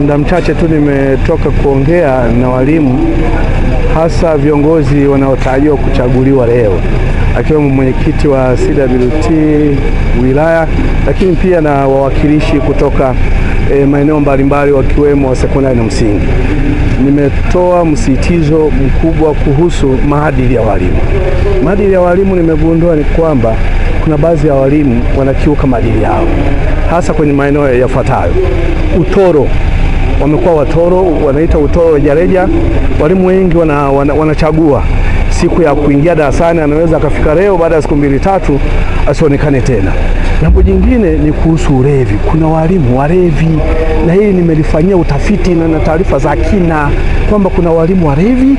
muda mchache tu nimetoka kuongea na walimu, hasa viongozi wanaotarajiwa kuchaguliwa leo, akiwemo mwenyekiti wa CWT wilaya, lakini pia na wawakilishi kutoka e, maeneo mbalimbali wakiwemo wa sekondari na msingi. Nimetoa msitizo mkubwa kuhusu maadili ya walimu. Maadili ya walimu nimegundua ni kwamba kuna baadhi ya walimu wanakiuka maadili yao hasa kwenye maeneo yafuatayo: utoro wamekuwa watoro, wanaita utoro rejareja. Walimu wengi wana, wana, wanachagua siku ya kuingia darasani, anaweza akafika leo, baada ya siku mbili tatu asionekane tena. Jambo jingine ni kuhusu ulevi. Kuna walimu walevi, na hili nimelifanyia utafiti na taarifa za kina kwamba kuna walimu walevi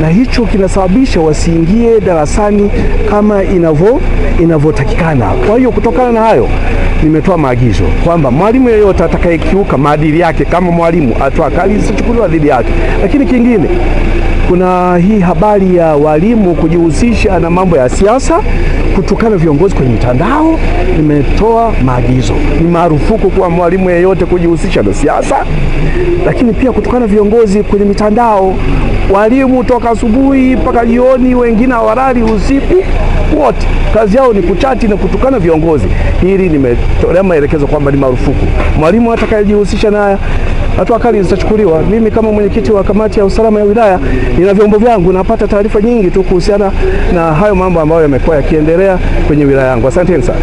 na hicho kinasababisha wasiingie darasani kama inavyo inavyotakikana. Kwa hiyo kutokana na hayo nimetoa maagizo kwamba mwalimu yeyote atakayekiuka maadili yake kama mwalimu atoa kali zisichukuliwa dhidi yake. Lakini kingine, kuna hii habari ya walimu kujihusisha na mambo ya siasa, kutukana viongozi kwenye mitandao. Nimetoa maagizo, ni marufuku kwa mwalimu yeyote kujihusisha na siasa, lakini pia kutukana viongozi kwenye mitandao walimu toka asubuhi mpaka jioni, wengine hawalali usiku wote, kazi yao ni kuchati na kutukana viongozi. Hili nimetolea maelekezo kwamba ni marufuku. Mwalimu atakayejihusisha na hatua kali zitachukuliwa. Mimi kama mwenyekiti wa kamati ya usalama ya wilaya, nina vyombo vyangu, napata taarifa nyingi tu kuhusiana na hayo mambo ambayo yamekuwa yakiendelea kwenye wilaya yangu. Asanteni sana.